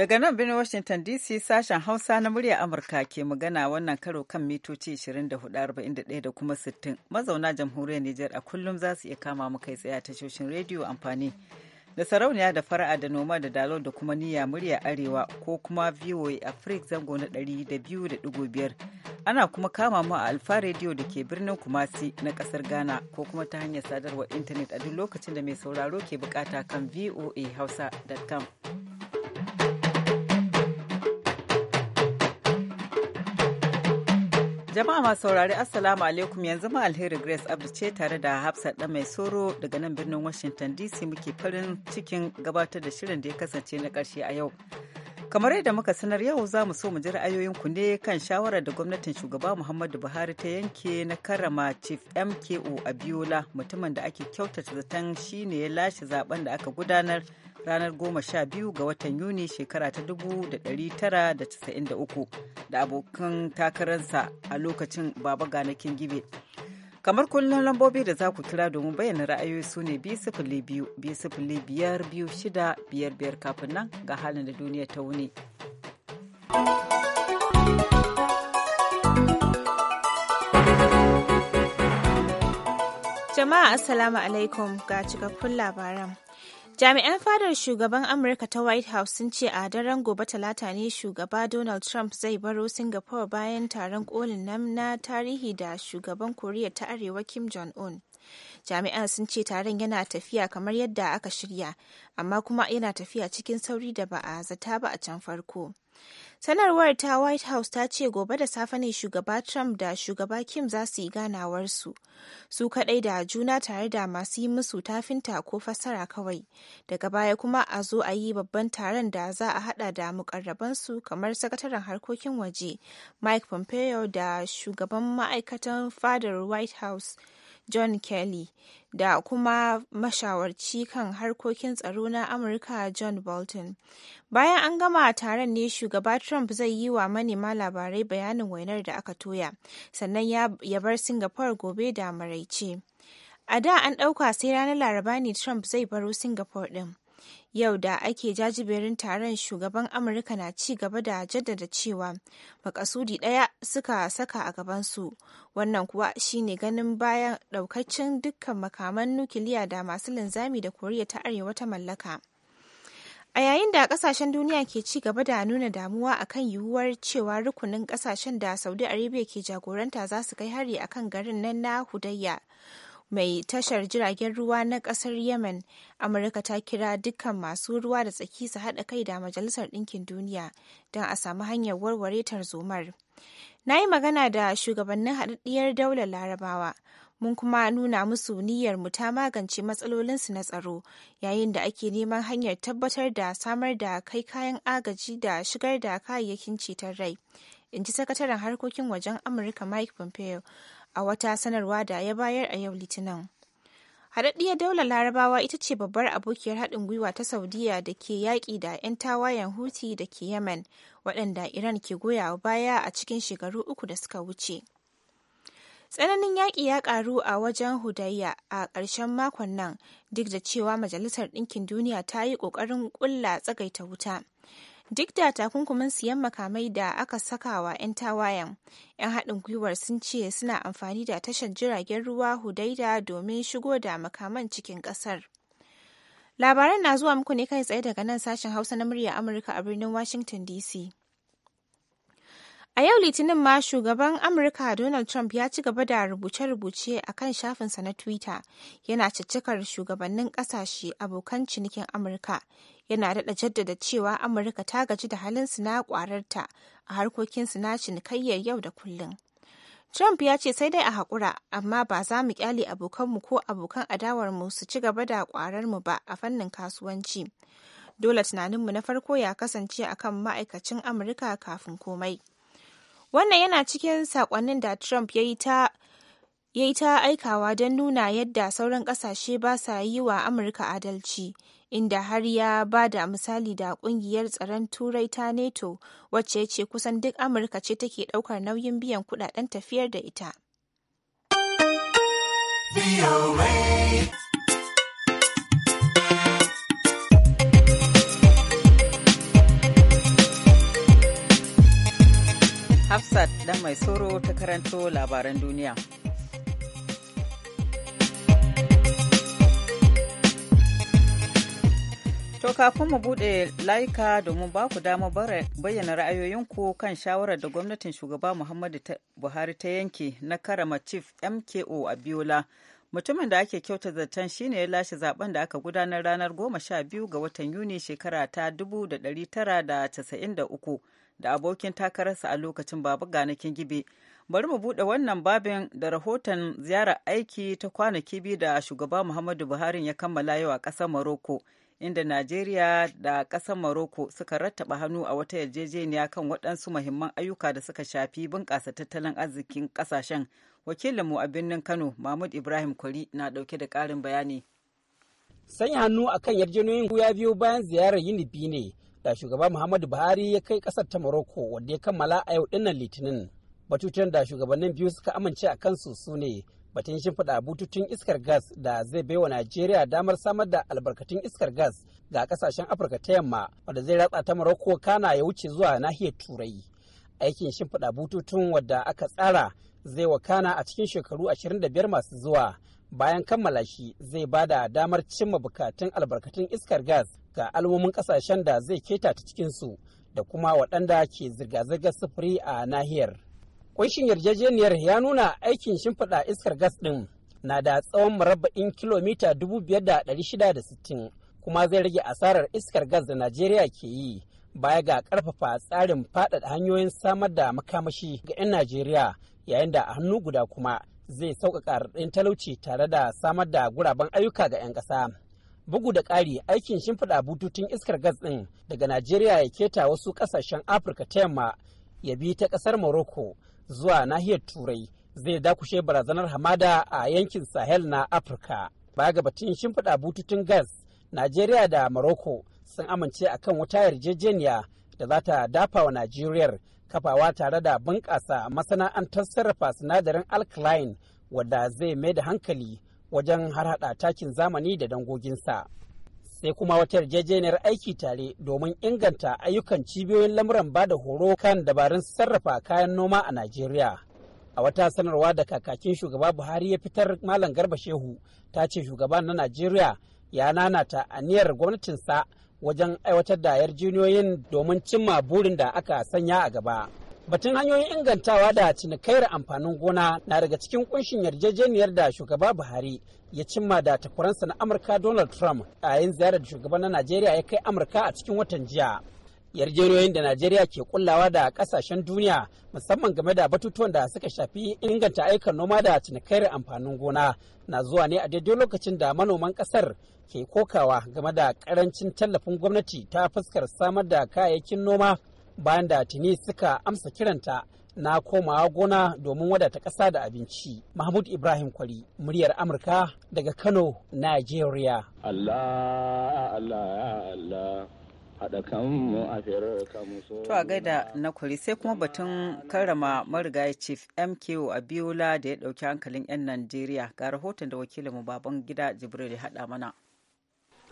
Daga nan birnin Washington DC sashen Hausa na murya Amurka ke magana wannan karo kan mitoci 24,41 da kuma 60. Mazauna jamhuriyar Nijar a kullum za su iya kama mu kai tsaye a tashoshin rediyo amfani da sarauniya da fara'a da noma da dalo da kuma niyya murya arewa ko kuma VOA Africa zango na biyar Ana kuma kama mu a Alfa Radio da ke birnin Kumasi na kasar Ghana ko kuma ta hanyar sadarwar intanet a duk lokacin da mai sauraro ke bukata kan voahausa.com. Jama'a masu saurari Assalamu alaikum yanzu ma alheri Grace Abdu ce tare da Hafsat ɗan mai soro daga nan birnin Washington DC muke farin cikin gabatar da shirin da ya kasance na karshe a yau. Kamar yadda muka sanar yau za mu so mu ji ra'ayoyin ku ne kan shawarar da gwamnatin shugaba Muhammadu Buhari ta yanke na karrama Chief MKO Abiola mutumin da ake kyautata zaton shine ya lashe zaben da aka gudanar ranar 12 ga watan Yuni shekara ta 1993 da abokan takararsa a lokacin Baba Ganakin Gibe. Kamar kullum lambobi da za ku kira domin bayyana ra'ayoyi su ne shida biyar biyar kafin nan ga halin da duniya ta wuni. Jama'a Assalamu alaikum ga cikakkun labaran. Jami'an fadar shugaban Amurka ta White House sun ce a daren gobe talata ne shugaba Donald Trump zai baro Singapore bayan taron kolin nan na tarihi da shugaban Koriya ta Arewa Kim Jong-un. jami'an sun ce taron yana tafiya kamar yadda aka shirya amma kuma yana tafiya cikin sauri da ba a zata ba a can farko sanarwar ta white house ta ce gobe da safe ne shugaba trump da shugaba kim za su yi ganawarsu su kadai da juna tare da masu yi musu tafinta ko fassara kawai daga baya kuma a zo a yi babban taron da za a hada da mukarrabansu kamar sakataren harkokin waje mike pompeo da shugaban ma'aikatan fadar white house John Kelly da kuma mashawarci kan harkokin tsaro na Amurka John Bolton. Bayan an gama taron ne shugaba Trump zai yi wa manema labarai bayanin wainar da aka toya, sannan ya bar Singapore gobe da maraice. A da an ɗauka sai ranar Laraba ne Trump zai baro Singapore ɗin. yau da ake jajiberin taron shugaban amurka na ci gaba da jaddada cewa makasudi ɗaya suka saka a gabansu wannan kuwa shine ganin bayan ɗaukacin dukkan makaman nukiliya da masu linzami da koriya ta arewa ta mallaka A yayin da kasashen duniya ke ci gaba da nuna damuwa akan yiwuwar cewa rukunin kasashen da Saudi Arabia ke jagoranta za su kai hari akan garin nan na Hudayya. mai tashar jiragen ruwa na kasar yemen amurka ta kira dukkan masu ruwa da tsaki su haɗa kai da majalisar ɗinkin duniya don a samu hanyar warware tarzomar na yi magana da shugabannin haɗaɗɗiyar daular larabawa mun kuma nuna musu niyyar mu ta magance matsalolinsu na tsaro yayin da ake neman hanyar tabbatar da samar da kai kayan agaji da shigar da kayayyakin ceton rai in ji sakataren harkokin wajen amurka mike pompeo a wata sanarwa da ya bayar a yau Litinin. Haɗaɗɗiyar daular Larabawa ita ce babbar abokiyar haɗin gwiwa ta Saudiya da ke yaƙi da 'yan tawayen Houthi da ke Yemen, waɗanda Iran ke goyawa baya a cikin shekaru uku da suka wuce. Tsananin yaƙi ya ƙaru a wajen Hudayya a ƙarshen makon nan, duk da cewa Majalisar Ɗinkin Duniya ta yi ƙoƙarin ƙulla tsagaita wuta. Duk da takunkumin siyan makamai da aka saka wa 'yan tawayen, 'yan haɗin gwiwar sun ce suna amfani da tashar jiragen ruwa Hudaida domin shigo da makaman cikin ƙasar. Labaran na zuwa muku ne kai tsaye daga nan sashen Hausa na murya Amurka a birnin Washington DC. A yau Litinin ma shugaban Amurka Donald Trump ya ci gaba da rubuce-rubuce a kan shafinsa na Twitter yana caccakar shugabannin ƙasashe abokan cinikin Amurka yana daɗa jaddada cewa amurka ta gaji da halinsu na ƙwararta a harkokinsu na cinikayyar yau da kullum trump ya ce sai dai a haƙura amma ba za mu ƙyale abokanmu ko abokan adawarmu su ci gaba da ƙwararmu ba a fannin kasuwanci dole tunaninmu na farko ya kasance akan ma'aikacin amurka kafin komai wannan yana cikin saƙonnin da trump ya yi ta ya yi ta aikawa don nuna yadda sauran ƙasashe ba sa yi wa amurka adalci inda har ya ba da misali da kungiyar tsaron turai ta NATO wacce ya ce kusan duk Amurka ce take daukar nauyin biyan kudaden tafiyar da ita. Hafsat dan mai soro ta karanto labaran duniya. To kafin mu bude laika domin ba ku dama bayyana ra'ayoyinku kan shawarar da gwamnatin shugaba Muhammadu Buhari ta yanke na karama chief MKO Abiola. Mutumin da ake kyauta zaton shine ya lashe zaben da aka gudanar ranar goma sha biyu ga watan Yuni shekara ta dubu da tara da da da casa'in uku abokin takararsa a lokacin babu ganakin gibe. Bari mu buɗe wannan babin da rahoton ziyarar aiki ta kwanaki biyu da shugaba Muhammadu Buhari ya kammala yau a ƙasar Morocco. inda Najeriya da ƙasar Morocco suka rattaba hannu a wata yarjejeniya kan waɗansu muhimman ayyuka da suka shafi bunƙasa tattalin arzikin ƙasashen. Wakilinmu a birnin Kano, Mahmud Ibrahim Kwari, na ɗauke da ƙarin bayani. Sanya hannu a kan yarjejeniyoyin ya biyo bayan ziyarar yinibi ne da shugaba Muhammadu Buhari ya kai ƙasar ta Morocco wanda ya kammala a yau ɗinnan Litinin. Batutun da shugabannin biyu suka amince a kansu su ne batun shimfiɗa bututun iskar gas da zai baiwa Najeriya damar samar da albarkatun iskar gas ga kasashen Afirka ta yamma wanda zai ratsa ta Morocco kana ya wuce zuwa nahiyar Turai. Aikin shimfiɗa bututun wadda aka tsara zai wakana a cikin shekaru 25 masu zuwa. Bayan kammala shi zai ba da damar cimma bukatun albarkatun iskar gas ga al'ummomin kasashen da zai keta ta cikinsu da kuma waɗanda ke zirga-zirgar sufuri a nahiyar. Ƙunshin yarjejeniyar ya nuna aikin shimfiɗa iskar gas ɗin na da tsawon murabba'in kilomita 5,660 kuma zai rage asarar iskar gas da Najeriya ke yi baya ga ƙarfafa tsarin faɗaɗa hanyoyin samar da makamashi ga 'yan Najeriya yayin da a hannu guda kuma zai sauƙaƙa raɗin talauci tare da samar da guraben ayyuka ga 'yan ƙasa. Bugu da ƙari aikin shimfiɗa bututun iskar gas ɗin daga Najeriya ya keta wasu ƙasashen Afirka ta yamma ya bi ta ƙasar Morocco zuwa nahiyar turai zai dakushe barazanar hamada a yankin sahel na afirka baya ga batun shimfiɗa bututun gas najeriya da morocco sun amince akan wata yarjejeniya da za ta dafa wa najeriyar kafawa tare da bunƙasa masana'antar sarrafa sinadarin alkaline wadda zai mai da hankali wajen harhaɗa takin zamani da dangoginsa. sai kuma wata yarjejeniyar aiki tare domin inganta ayyukan cibiyoyin lamuran ba da horo kan dabarun sarrafa kayan noma a Najeriya. A wata sanarwa da kakakin shugaba Buhari ya fitar Malam Garba Shehu ta ce shugaban na Najeriya ya nanata aniyar gwamnatinsa wajen aiwatar da yarjejeniyoyin domin cimma burin da aka sanya a gaba. Batun hanyoyin ingantawa da cinikayar amfanin gona na daga cikin kunshin yarjejeniyar da shugaba Buhari ya cimma da takwaransa na Amurka Donald Trump a yin ziyarar da shugaban na Najeriya ya kai Amurka a cikin watan jiya. yarjejeniyoyin da Najeriya ke kullawa da kasashen duniya musamman game da batutuwan da suka shafi inganta ayyukan noma da cinikayar amfanin gona na zuwa ne a daidai lokacin da manoman kasar ke kokawa game da karancin tallafin gwamnati ta fuskar samar da kayayyakin noma bayan da tuni suka amsa kiranta na komawa gona domin wadata ƙasa da abinci. Mahmud Ibrahim Kwari, muryar Amurka daga Kano, Nigeria. Allah, Allah, Allah. To a gaida na kuri sai kuma batun karrama marigayi chief MKO Abiola da ya ɗauki hankalin 'yan Najeriya ga rahoton da wakilinmu baban gida Jibril ya haɗa mana.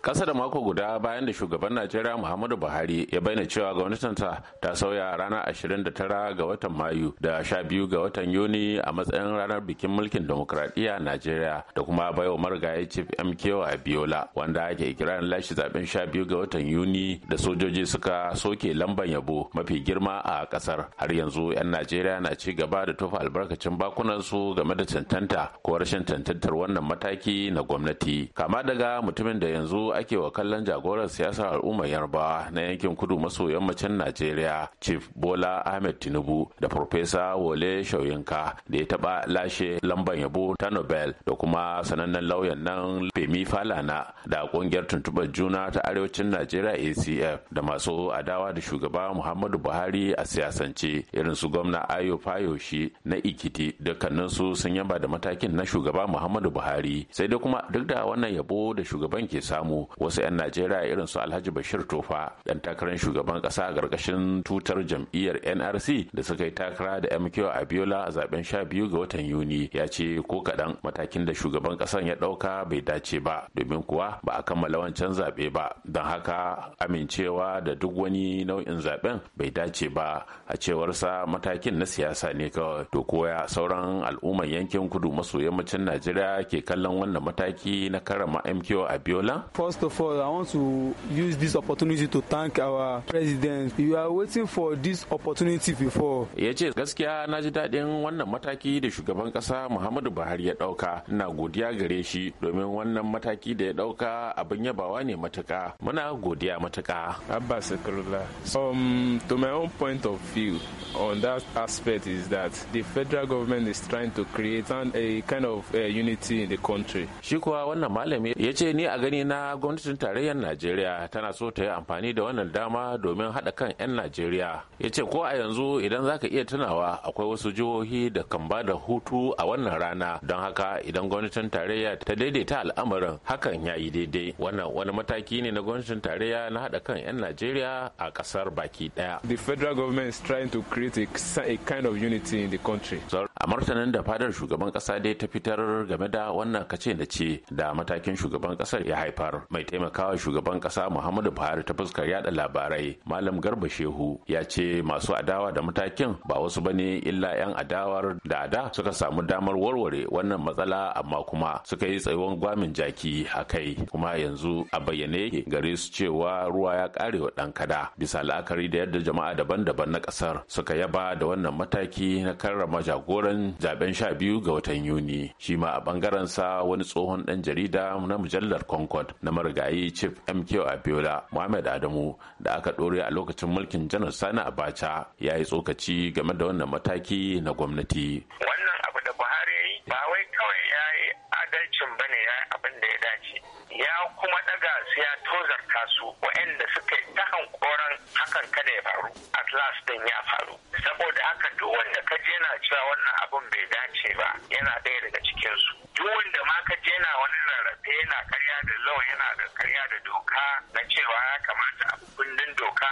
kasa da mako guda bayan da shugaban najeriya muhammadu buhari ya bayyana cewa gwamnatinsa ta sauya ranar 29 ga watan mayu da 12 ga watan yuni a matsayin ranar bikin mulkin a najeriya da kuma baiwa marigayi chief a abiola wanda ake kiran lashe zaben 12 ga watan yuni da sojoji suka soke lamban yabo mafi girma a kasar har yanzu 'yan najeriya na ci gaba da tofa albarkacin bakunansu game da cancanta ko rashin cancantar wannan mataki na gwamnati kama daga mutumin da yanzu ake wa kallon jagoran siyasar al'ummar yarba na yankin kudu maso yammacin najeriya chief bola ahmed tinubu da profesa wole shoyinka da ya taba lashe lamban yabo ta nobel da kuma sanannen lauyan nan femi falana da kungiyar tuntubar juna ta arewacin najeriya acf da masu adawa da shugaba muhammadu buhari a siyasance irin su gwamna ayo fayoshi na ikiti dukkaninsu sun yaba da matakin na shugaba muhammadu buhari sai dai kuma duk da wannan yabo da shugaban ke samu wasu 'yan najeriya irin su alhaji bashir tofa dan takarar shugaban kasa a ƙarƙashin tutar jam'iyyar nrc da suka yi takara da mq abiola a zaben sha biyu ga watan yuni ya ce ko kaɗan matakin da shugaban ƙasan ya ɗauka bai dace ba domin kuwa ba a kammala wancan zaɓe ba don haka amincewa da duk wani nau'in zaɓen bai dace ba a cewarsa matakin na siyasa ne kawai to koya sauran al'ummar yankin kudu maso yammacin najeriya ke kallon wannan mataki na karama mq abiola First of all, I want to use this opportunity to thank our president. You are waiting for this opportunity before. Ya ce gaskiya na ji daɗin wannan mataki da shugaban ƙasa Muhammadu Buhari ya ɗauka. ina godiya gare shi domin wannan mataki da ya ɗauka abin yabawa ne matuƙa. Muna godiya matuƙa. Abba Sekulula. Um, to my own point of view on that aspect is that the federal government is trying to create an, a kind of unity in the country. Shi kuwa wannan malami ya ce ni a gani na gwamnatin tarayyar najeriya tana so ta yi amfani da wannan dama domin haɗa kan 'yan najeriya ya ce ko a yanzu idan za ka iya tunawa akwai wasu jihohi da kan ba da hutu a wannan rana don haka idan gwamnatin tarayya ta daidaita al'amarin hakan ya yi daidai wannan wani mataki ne na gwamnatin tarayya na haɗa kan 'yan najeriya a ƙasar baki ɗaya the federal government is trying to create a, kind of unity in the country a martanin da fadar shugaban kasa dai ta fitar game da wannan kace na ce da matakin shugaban kasar ya haifar mai taimakawa shugaban kasa muhammadu buhari ta fuskar yada labarai malam garba shehu ya ce masu adawa da matakin ba wasu bane illa yan adawar da da suka samu damar warware wannan matsala amma kuma suka yi tsayuwan gwamin jaki a kai kuma yanzu a bayyane yake gare su cewa ruwa ya kare wa dan kada bisa la'akari da yadda jama'a daban-daban na kasar suka yaba da wannan mataki na karrama jagora. sauran zaben sha biyu ga watan yuni shi ma a bangaren sa wani tsohon dan jarida na mujallar concord na marigayi chief mk abiola muhammad adamu da aka dore a lokacin mulkin janar sani abacha ya yi tsokaci game da wannan mataki na gwamnati wannan abu da buhari ba wai kawai ya yi adalcin bane ya yi abin da ya dace ya kuma daga su ya tozarta su waɗanda suka yi ta hankoran hakan kada ya faru at last din ya faru saboda haka duk wanda ka je na cewa wannan abun bai dace ba yana ɗaya daga cikin su duk wanda ma ka je na wani rarrafe yana karya da law yana da karya da doka na cewa ya kamata a kundin doka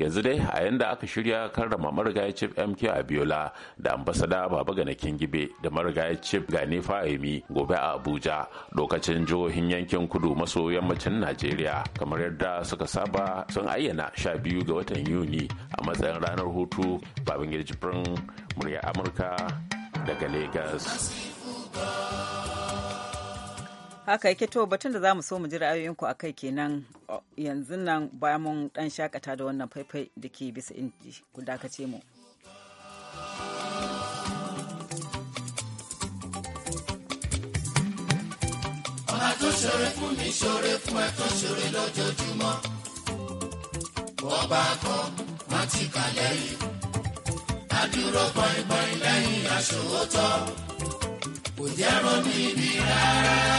yanzu dai a yanda aka shirya karrama marigayi chief mk abiola da ambasada baba gana kingibe da marigayi chief gani fahimi gobe a abuja lokacin jihohin yankin kudu maso yammacin najeriya kamar yadda suka saba sun ayyana sha biyu ga watan yuni a matsayin ranar hutu babangida jibrin murya amurka daga lagos haka yake to batun da za mu so mu ji ra'ayoyinku a kai kenan yanzu nan ba mun dan shakata da wannan faifai da ke bisa inji ku dakace mu. Ọba tó ṣoore fún mi ṣoore fún ẹ tó ṣoore lójoojúmọ́. Ọba kan má ti kà lẹ́yìn. Adúró gbọ̀ngbọ̀n lẹ́yìn aṣòwòtọ́. Kò jẹ́ ronú ibi rárá.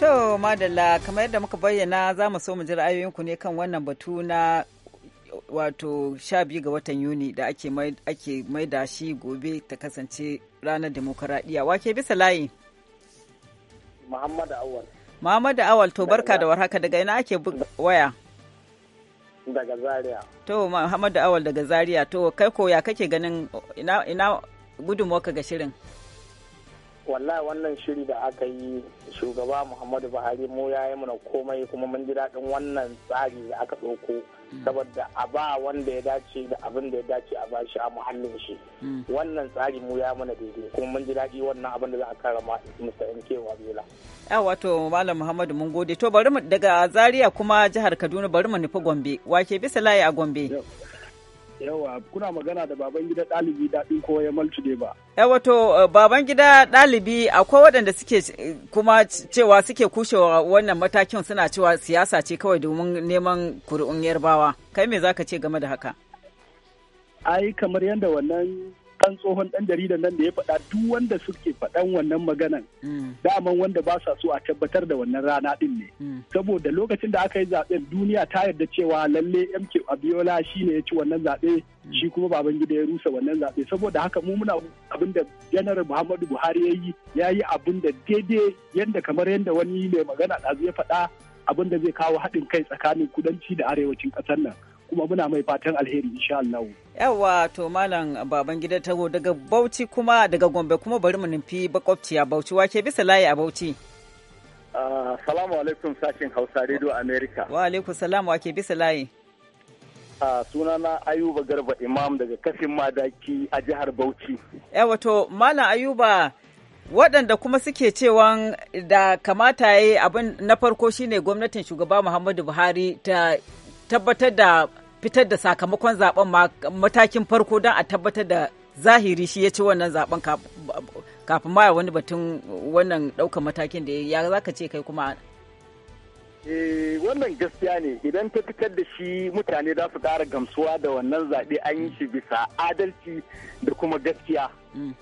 To madalla kamar yadda muka bayyana za mu so mu ji ra'ayoyinku ne kan wannan batu na wato sha biyu ga watan Yuni da ake mai da shi gobe ta kasance ranar demokaradiyya Wake bisa layi? Muhammadu Awal. Muhammadu Awal to barka da warhaka daga ina ake waya? Daga Zaria. To Muhammadu Awal daga Zaria to kai ko ya kake ganin ina gudunmuwa ga shirin? wallahi wannan shiri da aka yi shugaba muhammadu buhari mu ya yi mana komai kuma mun ji daɗin wannan tsari da aka ɗauko mm. saboda a ba wanda ya dace da abin da ya dace a bashi a muhallin shi mm. wannan tsari mu ya mana daidai kuma mun ji daɗi wannan abin da za a karama mr mk wabila ya wato malam muhammadu mun gode to bari mu daga zaria kuma jihar kaduna bari mu nufi gombe wake bisa layi a gombe yawa kuna magana da baban gida ɗalibi daɗin ya malci ba. yawa to eh, baban gida ɗalibi akwai waɗanda suke kuma cewa suke kushewa wannan matakin suna cewa siyasa ce kawai domin neman kuri'un yarbawa kai me zaka ce game da haka ai kamar yadda wannan kan tsohon ɗan jarida nan da ya faɗa duk wanda suke faɗan wannan maganan hmm. daman wanda ba sa so a tabbatar da wannan rana ɗin ne hmm. saboda lokacin da aka yi zaɓen duniya ta yarda cewa lalle MK Abiola shine ya ci wannan zabe hmm. shi kuma Babangida ya rusa wannan zaɓe saboda haka mu muna abin da General Muhammadu Buhari ya yi ya yi abin da daidai yanda kamar yadda wani mai magana ɗazu ya faɗa abin da zai kawo haɗin kai tsakanin kudanci da arewacin ƙasar nan kuma muna mai fatan alheri insha Allah. Yawa to malam baban gida tago daga Bauchi kuma daga Gombe kuma bari mu nufi bakwabciya Bauchi wake bisa layi a Bauchi. Ah, salamu alaikum sashin Hausa Radio America. Wa alaikum salam wake bisa layi. Uh, sunana Ayuba Garba Imam daga kafin madaki a jihar Bauchi. Yawa to malam Ayuba waɗanda kuma suke cewa da kamata ya yi abin na farko shine gwamnatin shugaba muhammadu buhari ta tabbatar da fitar da sakamakon zaben matakin farko don a tabbatar da zahiri shi ya ci wannan zaben kafin ma wani batun wannan ɗaukar matakin da ya zaka ce kai kuma eh, wannan gaskiya ne idan ta fitar da shi mutane za su ƙara gamsuwa da wannan zaɓe an yi shi bisa adalci da kuma gaskiya mm.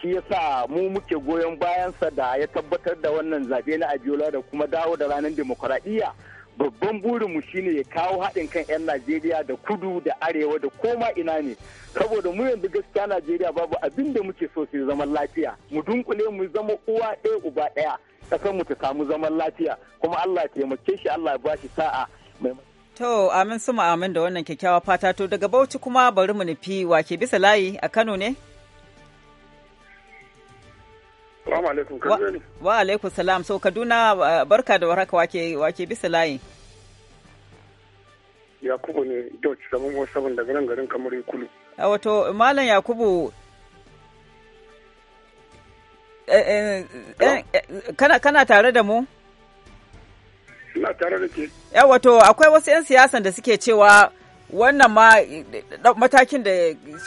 shi ya sa mu muke goyon bayansa da ya tabbatar da wannan zaɓe na abiola da kuma dawo da ranar demokuraɗiyya babban burin mu shine ya kawo haɗin kan 'yan najeriya da kudu da arewa da koma ina ne saboda mu yanzu gaskiya najeriya babu abin da muke so sai zaman lafiya mu dunkule mu zama uwa ɗaya uba ɗaya ƙasar mu ta samu zaman lafiya kuma allah ya taimake shi allah ya bashi sa'a mai to amin su amin da wannan kyakkyawa fata to daga bauchi kuma bari mu nufi wake bisa layi a kano ne Wa alaikum salam. So Kaduna barka da waraka wake wake bisa layi. Yakubu ne George saman wasu daga nan garin kamar Kulu. A wato Malam Yakubu eh, eh, eh, kana kana tare da mu? Ina tare da ke. Ya wato akwai wasu 'yan siyasan da suke cewa wannan ma matakin da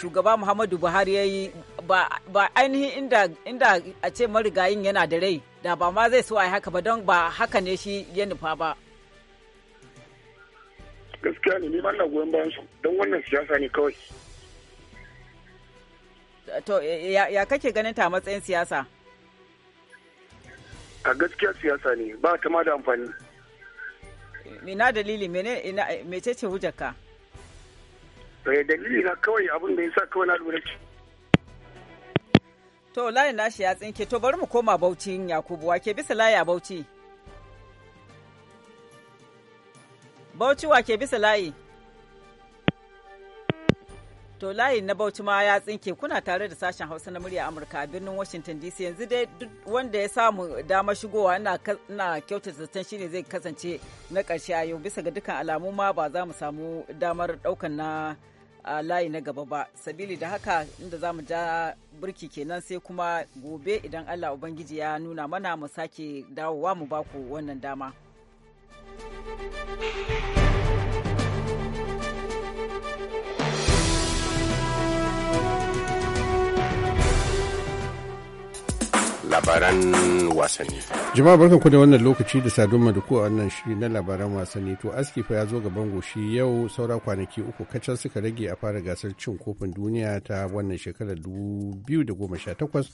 shugaba Muhammadu Buhari ya yi ba ainihin inda a ce marigayin yana da rai da ba ma zai so a haka ba don ba haka ne shi ya nufa ba gaskiya ne neman na goyon bayan su don wannan siyasa ne kawai to ya kake ganin ta matsayin siyasa a gaskiya siyasa ne ba ta ma da amfani ina dalili mene ina mecece hujjarka eh, dalili na kawai abin da sa kawai na lura To layin nashi ya tsinke to bari mu koma Bauchi Yakubu wake bisa layi a Bauchi. Bauchi wake bisa layi. To layi na Bauchi ma ya tsinke kuna tare da sashen Hausa na murya Amurka a birnin Washington DC yanzu dai duk wanda ya samu damar shigowa ina kyautata zaton shine zai kasance na ƙarshe a yau bisa ga dukkan alamu ma ba za mu samu damar ɗaukan na a layi na gaba ba sabili da haka inda za mu ja burki kenan sai kuma gobe idan allah ubangiji ya nuna mana mu sake dawowa mu baku wannan dama. labaran wasanni. Jama'a barkan ku da wannan lokaci da saduma da ku a wannan shiri na labaran wasanni to aski fa ya zo gaban goshi yau saura kwanaki uku kacal suka rage a fara gasar cin kofin duniya ta wannan shekarar goma 2018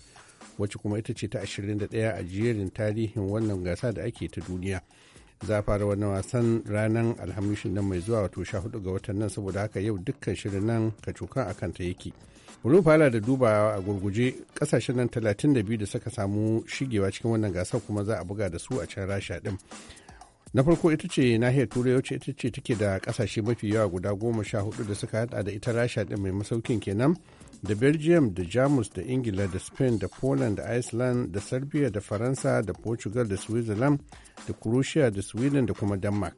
wacce kuma ita ce ta ashirin da 21 a jerin tarihin wannan gasa da ake ta duniya. za a fara wani wasan ranar alhamishin nan mai zuwa wato 14 ga watan nan saboda haka yau dukkan shirin nan ka cokan kanta kanta yake. Bari fara da duba a gurguje kasashen nan 32 da suka samu shigewa cikin wannan gasar kuma za a buga da su a can rasha din. Na farko ita ce nahiyar turai wacce ita ce take da kasashe mafi yawa guda goma sha hudu da suka hada da ita rasha din mai masaukin kenan da Belgium da Jamus da Ingila da Spain da Poland da Iceland da Serbia da Faransa da Portugal da Switzerland da Croatia da Sweden da kuma Denmark.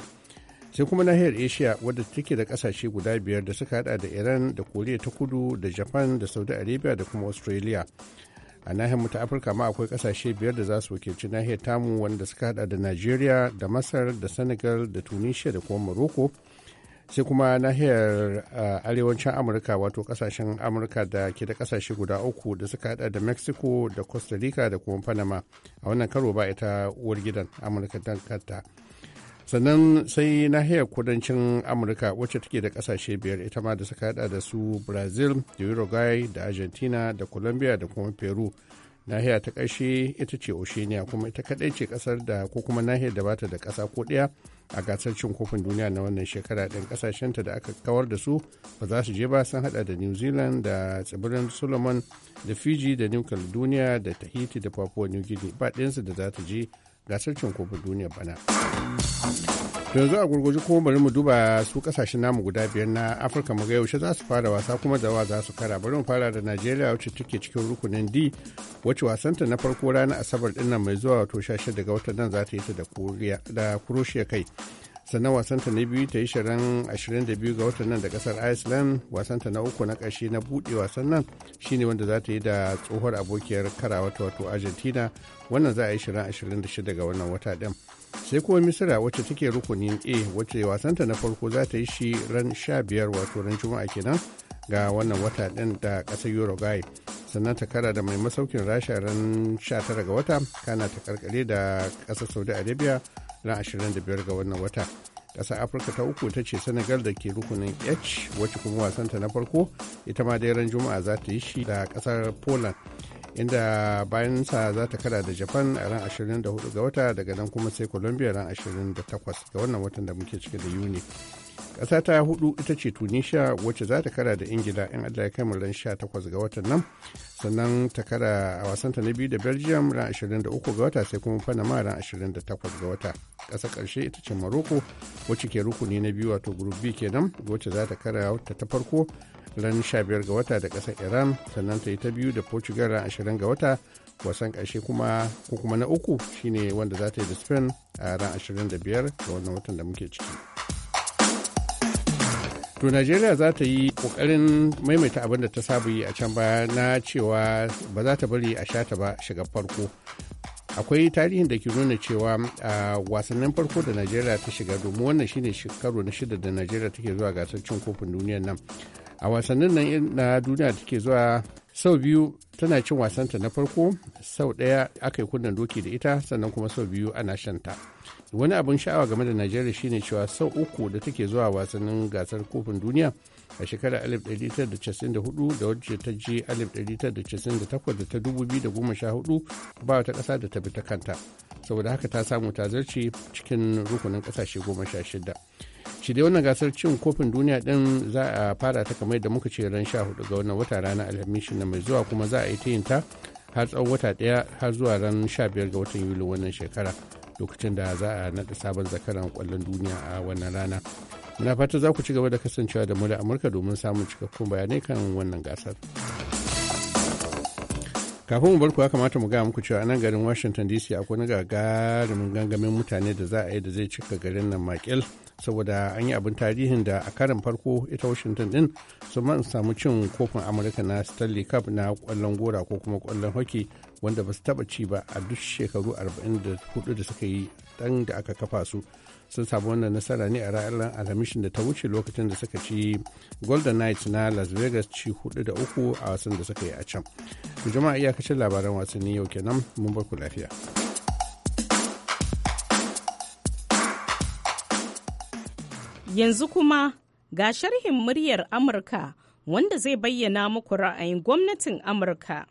sai kuma nahiyar asia wadda take da kasashe guda biyar da suka hada da iran da koriya ta kudu da japan da saudi arabia da kuma australia a nahiyar ta afirka ma akwai kasashe biyar da za su wakilci nahiyar tamu wanda suka hada da nigeria da masar da senegal da tunisia da kuma morocco sai kuma nahiyar ah, arewacin amurka wato kasashen amurka da ke da kasashe guda uku da suka hada da mexico da costa rica da kuma panama a wannan karo ba ita uwar gidan amurka don sannan sai nahiyar kudancin amurka wacce take da kasashe biyar ita ma da suka hada da su brazil da uruguay da argentina da colombia da kuma peru nahiya ta ƙarshe ita ce oceania kuma ita kaɗai ce kasar da ko kuma nahiyar da bata da ƙasa ko ɗaya a gasar cin kofin duniya na wannan shekara ɗin ƙasashenta da aka kawar da su ba za su je ba sun haɗa da new zealand da tsibirin solomon da fiji da new caledonia da tahiti da papua new guinea ba ɗayansu da za ta je gasar cin kofin duniyar bana yanzu a gurguji kuma bari mu duba su kasashen namu guda biyar na afirka mu ga yaushe za su fara wasa kuma da wa za su kara bari mu fara da najeriya wacce take cikin rukunin d wacce wasanta na farko ranar asabar dinnan mai zuwa wato 16 daga watan nan za ta yi ta da kuroshiya kai sannan wasanta na biyu ta yi shirin 22 ga watan nan da kasar iceland wasanta na uku na ƙarshe na buɗe wasan nan shine wanda za ta yi da tsohuwar abokiyar karawa wato argentina wannan za a yi shirin 26 ga wannan wata ɗin sai kuma misira wacce take rukunin a wacce wasanta na farko za ta yi shi ran 15 wato ran juma'a kenan ga wannan wata ɗin da ƙasar uruguay sannan ta kara da mai masaukin rasha ran 19 ga wata kana ta karkare da ƙasar saudi arabia na 25 ga wannan wata ƙasar afirka ta uku ta ce senegal da ke rukunin h wacce kuma wasanta na farko ita ma daren juma'a za ta yi shi da ƙasar poland inda bayan sa za ta kada da japan a ran 24 ga wata daga nan kuma sai colombia ran 28 ga wannan watan da muke cike da yuni ƙasa ta hudu ita ce tunisia wacce za ta kara da ingila in allah ya kai sha 18 ga watan nan sannan ta kara a wasanta na biyu da belgium ran 23 ga wata sai kuma panama ran 28 ga wata ƙasa ƙarshe ita ce morocco wacce ke rukuni na biyu wato group b kenan wacce za ta kara ta ta farko ran 15 ga wata da ƙasar iran sannan ta yi ta biyu da portugal ran 20 ga wata wasan ƙarshe kuma ko kuma na uku shine wanda za ta yi da spain a ran 25 ga wannan watan da muke ciki. to najeriya za ta yi kokarin maimaita abin da ta saba yi a can baya na cewa ba za ta bari a sha ta ba shiga farko akwai tarihin da ke nuna cewa a wasannin farko da najeriya ta shiga domin wannan shine shekaru na shida da najeriya take zuwa gasar cin kofin duniyar nan a wasannin nan na duniya take zuwa sau biyu tana cin wasanta na farko sau ɗaya aka yi kunnen doki da ita sannan kuma sau biyu ana shanta. ta wani abin sha'awa game da najeriya shine cewa sau uku da take zuwa wasannin gasar kofin duniya a shekarar 1994 da wacce ta je 1998 da ta 2014 ba wata ƙasa da ta bi ta kanta saboda haka ta samu ta zarce cikin rukunin ƙasashe goma sha shida shi dai wannan gasar cin kofin duniya din za a fara ta kamar da muka ce ran sha hudu ga wannan wata rana alhamis na mai zuwa kuma za a yi ta yin ta har tsawon wata daya har zuwa ran sha biyar ga watan yuli wannan shekara lokacin da za a naɗa sabon zakaran kwallon duniya a wannan rana muna fata za ku ci gaba da kasancewa da mu amurka domin samun cikakkun bayanai kan wannan gasar kafin mu bar ya kamata mu gaya muku cewa nan garin washington dc akwai na gagarumin gangamin mutane da za a yi da zai cika garin nan makil saboda an yi abin tarihin da a karin farko ita washington din su samu cin kofin amurka na stanley cup na kwallon gora ko kuma kwallon hockey wanda ba su taba ci ba a duk shekaru 44 da suka yi dan da aka kafa su sun samu wannan nasara ne a ranar alhamishin da ta wuce lokacin da suka ci golden knights na las vegas ci hudu da uku a wasan da suka yi a can ku jama'a iyakacin labaran wasanni yau kenan mun bar ku lafiya yanzu kuma ga sharhin muryar amurka wanda zai bayyana muku ra'ayin gwamnatin amurka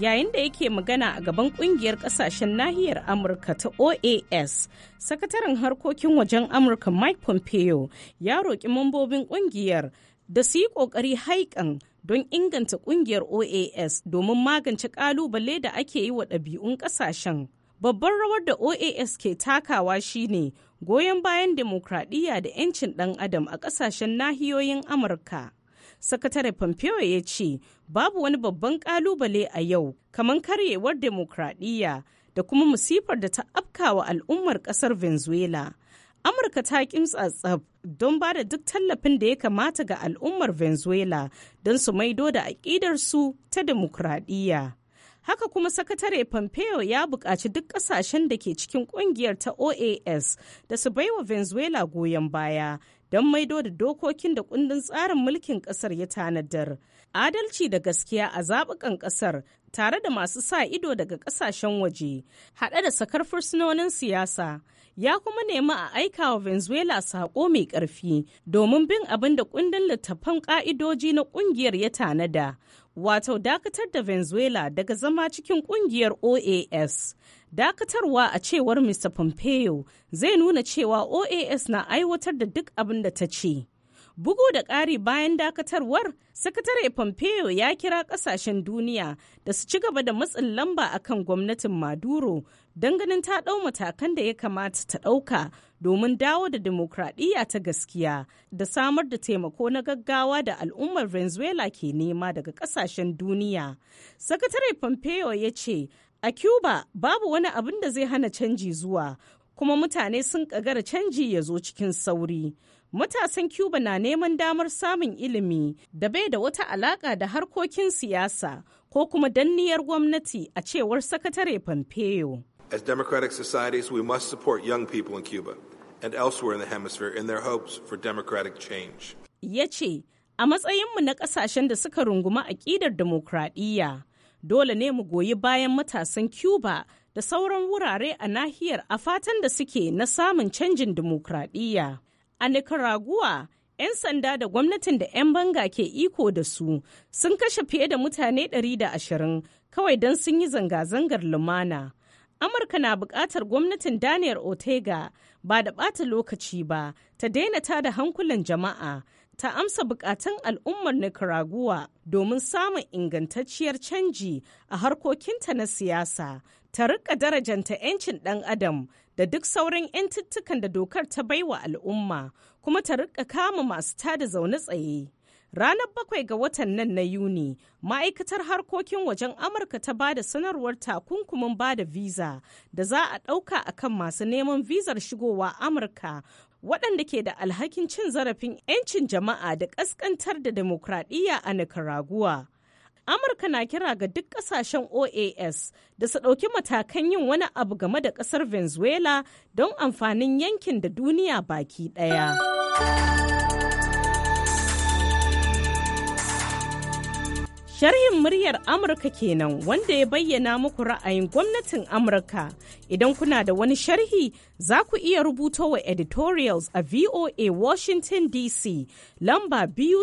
yayin da yake magana a gaban kungiyar kasashen nahiyar amurka ta oas sakataren harkokin wajen amurka mike pompeo ya roƙi mambobin kungiyar da su yi ƙoƙari haikan don inganta kungiyar oas domin magance ƙalubale da ake yi wa ɗabi'un ƙasashen babban rawar da oas ke takawa shine goyon bayan demokradiyya da 'yancin ɗan adam a ƙasashen nahiyoyin amurka sakatare pompeo ya ce babu wani babban kalubale a yau kamar karyewar demokradiyya da kuma musifar da ta afkawa al'ummar kasar venezuela amurka ta kimtsa tsatsab don ba da duk tallafin da ya kamata ga al'ummar venezuela don su maido da aƙidar su ta demokradiyya haka kuma sakatare pompeo ya buƙaci duk ƙasashen da ke cikin ƙungiyar ta oas da su baiwa venezuela goyon baya don maido da dokokin da kundin tsarin mulkin kasar ya tanadar adalci da gaskiya a zaɓukan kasar tare da masu sa ido daga ƙasashen waje haɗe da sakar fursunonin siyasa ya kuma nemi a aika wa venezuela saƙo mai ƙarfi domin bin abin da kundin littattafan ƙa'idoji na ƙungiyar ya tanada wato dakatar da venezuela daga zama cikin ƙungiyar oas Dakatarwa a cewar Mr. Pompeo zai nuna cewa OAS na aiwatar da duk abin da ta ce. Bugu da ƙari bayan dakatarwar, Sakatare Pompeo ya kira ƙasashen duniya da su ci gaba da matsin lamba akan gwamnatin Maduro don ganin ta ɗau matakan da ya kamata ta ɗauka domin dawo da demokradiyya ta gaskiya da samar da taimako na gaggawa da al'ummar Venezuela ke nema daga ƙasashen duniya. Sakatare Pompeo ya ce, A Cuba babu wani abin da zai hana canji zuwa, kuma mutane sun kagara canji ya zo cikin sauri. Matasan Cuba na neman damar samun ilimi da bai da wata alaƙa da harkokin siyasa ko kuma danniyar gwamnati a cewar Sakatare Pompeo. As democratic societies, we must support young people in Cuba and elsewhere in the hemisphere in their hopes for democratic change. Ya ce, a matsayinmu na ƙasashen da suka runguma aƙidar demokradiyya dole ne mu goyi bayan matasan Cuba da sauran wurare a nahiyar a fatan da suke na samun canjin dimokuraɗiyya. A Nicaragua, 'yan sanda da gwamnatin da 'yan banga ke iko da su sun kashe fiye da mutane 120 kawai don sun yi zanga-zangar lumana. Amurka na buƙatar gwamnatin Daniel Ortega ba da ɓata lokaci ba ta daina da hankulan jama'a. ta amsa bukatun al'ummar Nicaragua domin samun ingantacciyar canji a harkokinta na siyasa, ta rika darajanta 'yancin ɗan adam da duk sauran 'yantuttukan da dokar ta baiwa al'umma, kuma ta rika kama masu tada zaune tsaye. Ranar bakwai ga watan nan na Yuni, ma'aikatar harkokin wajen Amurka ta bada sanarwar takunkumin bada visa da za a ɗauka akan masu neman vizar shigowa Amurka waɗanda ke da alhakin cin zarafin 'yancin jama'a da ƙasƙantar da demokradiyya a Nicaragua. Amurka na kira ga duk ƙasashen OAS da su ɗauki matakan yin wani abu game da ƙasar Venezuela don amfanin yankin da duniya baki ɗaya. Sharhin muryar Amurka kenan wanda ya bayyana muku ra'ayin gwamnatin Amurka. Idan kuna da wani sharhi za ku iya rubuto wa editorials a VOA Washington DC lamba biyu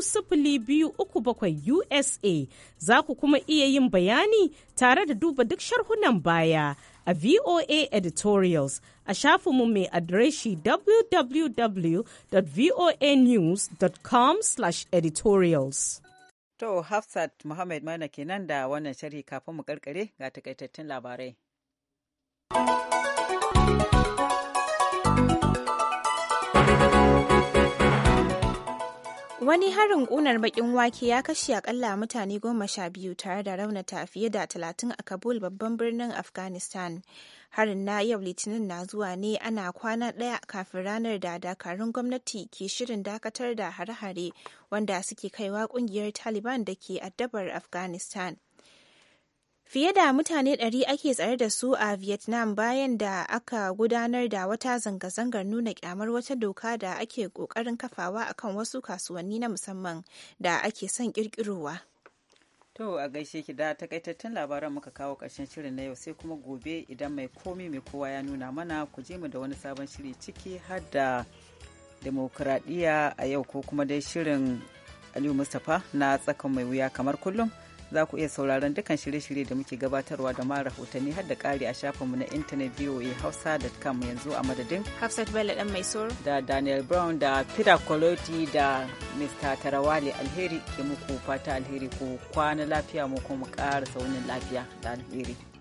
biyu uku bakwai USA za ku kuma iya yin bayani tare da duba duk sharhunan baya. a VOA editorials a shafinmu mai adireshi www.voanews.com/editorials. To Hafsat Muhammad Mana kenan da wannan sharhi kafin mu karkare ga takaitattun labarai. Wani harin kunar baƙin wake ya kashe akalla mutane goma sha biyu tare da raunata fiye da talatin a Kabul babban birnin Afghanistan. Harin na yau Litinin na zuwa ne ana kwana ɗaya kafin ranar da dakarun gwamnati ke shirin dakatar da hare-hare wanda suke kaiwa ƙungiyar Taliban da ke addabar Afghanistan. Fiye da mutane 100 ake tsare da su a Vietnam bayan da aka gudanar da wata zanga-zangar nuna kyamar wata doka da ake ƙoƙarin kafawa akan wasu kasuwanni na musamman da ake son ƙirƙirowa. To a gaishe ki da takaitattun labaran muka kawo ƙarshen shirin na yau sai kuma gobe idan mai komi mai kowa ya nuna mana ku je mu da wani sabon shiri ciki har da demokuraɗiyya a yau ko kuma dai shirin Aliyu Mustapha na tsakan mai wuya kamar kullum. za ku iya sauraron dukkan shirye-shirye da muke gabatarwa da ma rahotanni har da kari a mu na intanet hausa.com yanzu a madadin hafsat bello dan mai soro da daniel brown da peter koloti da mr tarawale alheri ke muku fata alheri ko kwana lafiya mu kuma ƙara saunin lafiya da alheri